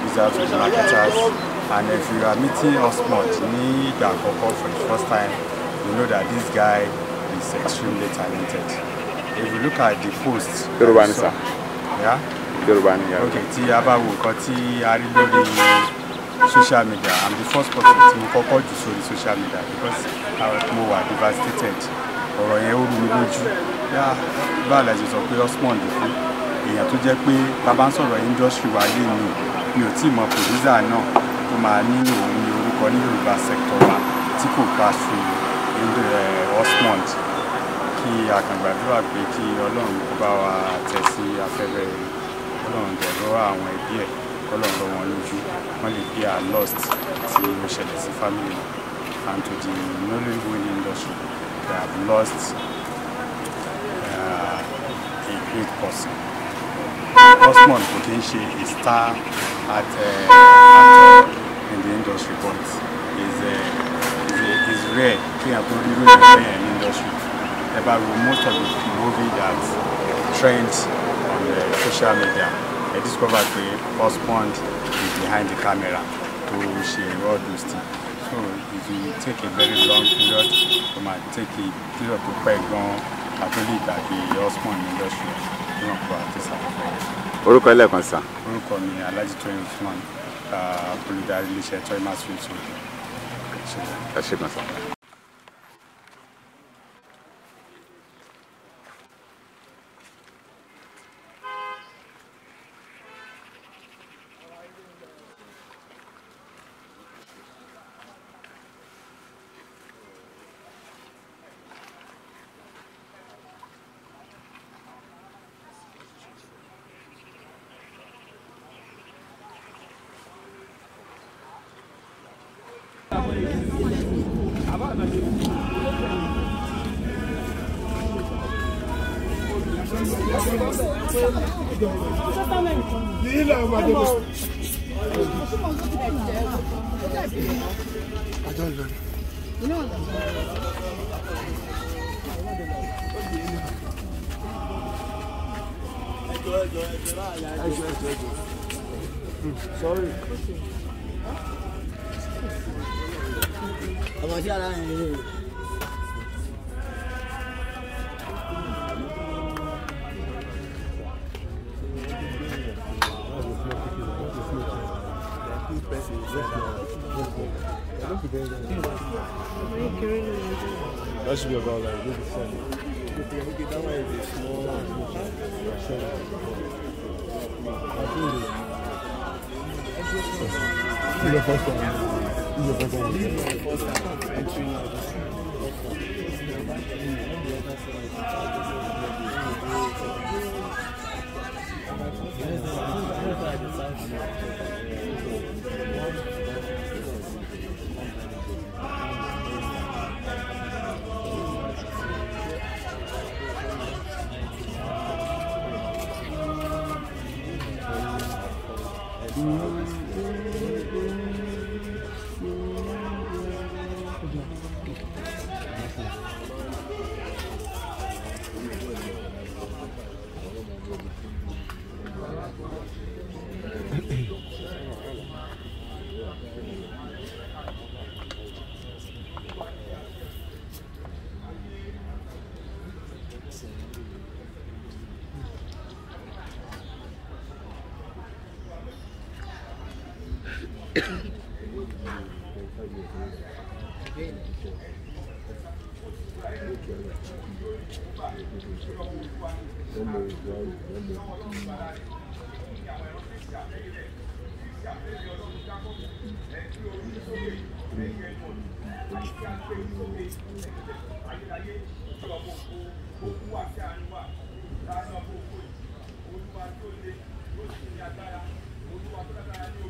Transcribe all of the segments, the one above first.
producers to the marketers and if you are meeting Osport ní ìgbà àkọ́kọ́ for the first time you know that this guy is extremely talented if you look at the post Yorùbá ni sir yeah Yorùbá yeah okay tí a bá wo nǹkan tí a rí social media i'm the first person to mo to show the social media because mo wà devastated ọ̀rọ̀ yẹn ó rú mi lójú yá báàlà ṣe sọ pé osmond fún èèyàn tó jẹ́ pé bàbá ń sọ̀rọ̀ industry wa mi ò tí ì mọ pòdúsà náà tó máa nínú òun ní orúkọ ní Yorùbá sector wa tí kò bá ṣe eh, Osmond kí a kàn gbàdúrà pé kí Ọlọ́run kó bá wa tẹ̀ sí afẹ́fẹ́ rẹ̀ Ọlọ́run dẹ̀rọ àwọn ẹbí ẹ̀ kọ́lọ́run lọ wọn lójú wọ́n lè bí a lost tí ó ṣẹlẹ̀ sí family and to the Nollywood industry they have lost uh, a great person. Osmond kò kí ń ṣe a star at, uh, at all uh, in the industry, but is uh, is, rare. We are probably rare in the industry. About most of the movie that trends on the social media, I discovered the first point is behind the camera to share all those things. So it will take a very long period. It might take a period to quite long. I believe that the husband industry, is not quite artists orúkọ ẹlẹ́ẹ̀kan sàn. orúkọ mi alhaji tóyè usman uh, olùdarí iléeṣẹ́ toymas films. ẹ ṣe kan sàn. yìí là wà sorry. ọmọdé ara yẹn this person. That should be about like seven. Okay, that one is a small This is first time. This is first time. This is the Thank you. Olúwa tó lé, ó sì ní agbára, olúwa tó lágbára ní o.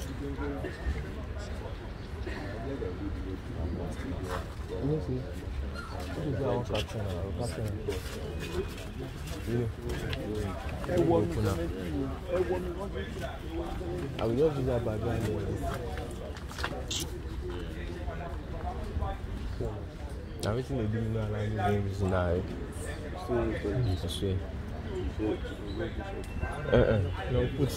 Let me see. This is our I will just do that by blind. Now, everything they do eh? the is now. You can swear. Uh uh. No, put.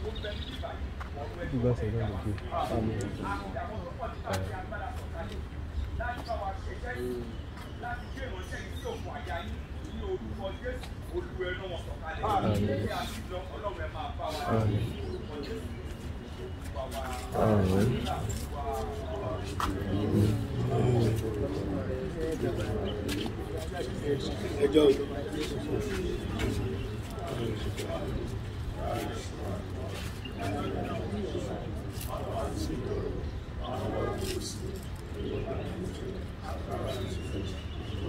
nígbà tí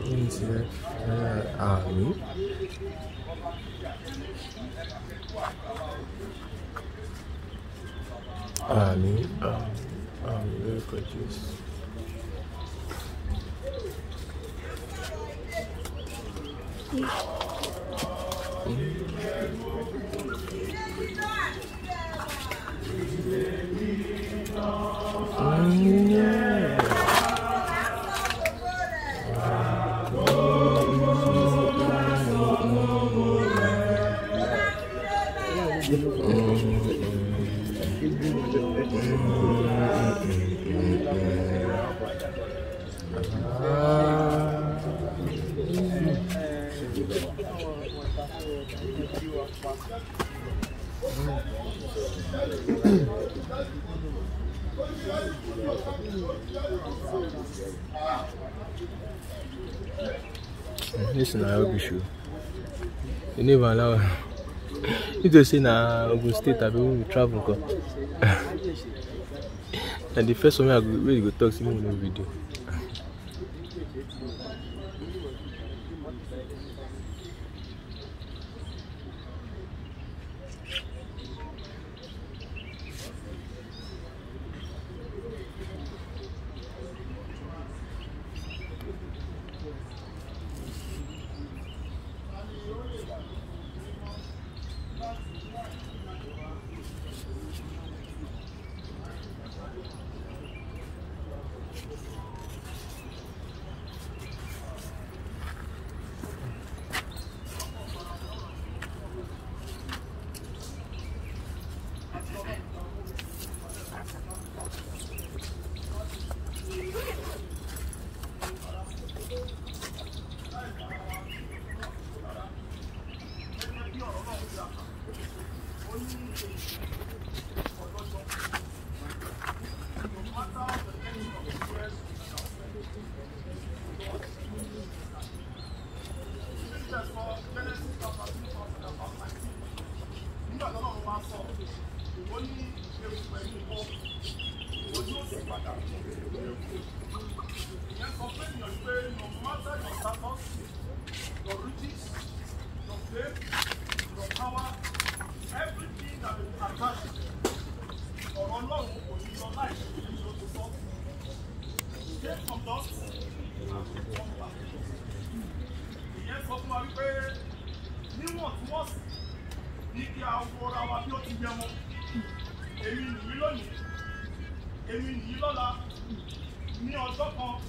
你是阿里，阿里阿阿丽帕奇。This is an issue. You never allow. You just say na ogun state abi wey we travel nkan na the first one wey i go wey you go talk say make we no video bá sọ ìwọ ní ewu your status your riches your fame your power everything that is attached ọ̀rọ̀ ọlọ́run jẹun èmi nìyí lónìí èmi nìyí lọ́la ní ọjọ́ kan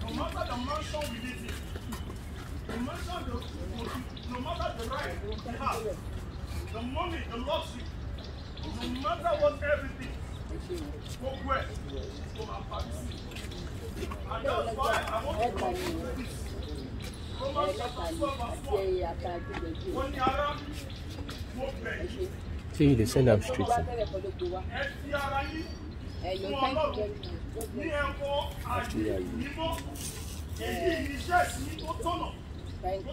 no matter the mansion we live in no matter the no matter the right we have the money the luxury no matter what everything gbogbo ẹ̀ tó máa parí sí i and that's why I want to come. See, they send am streets. in. Actually,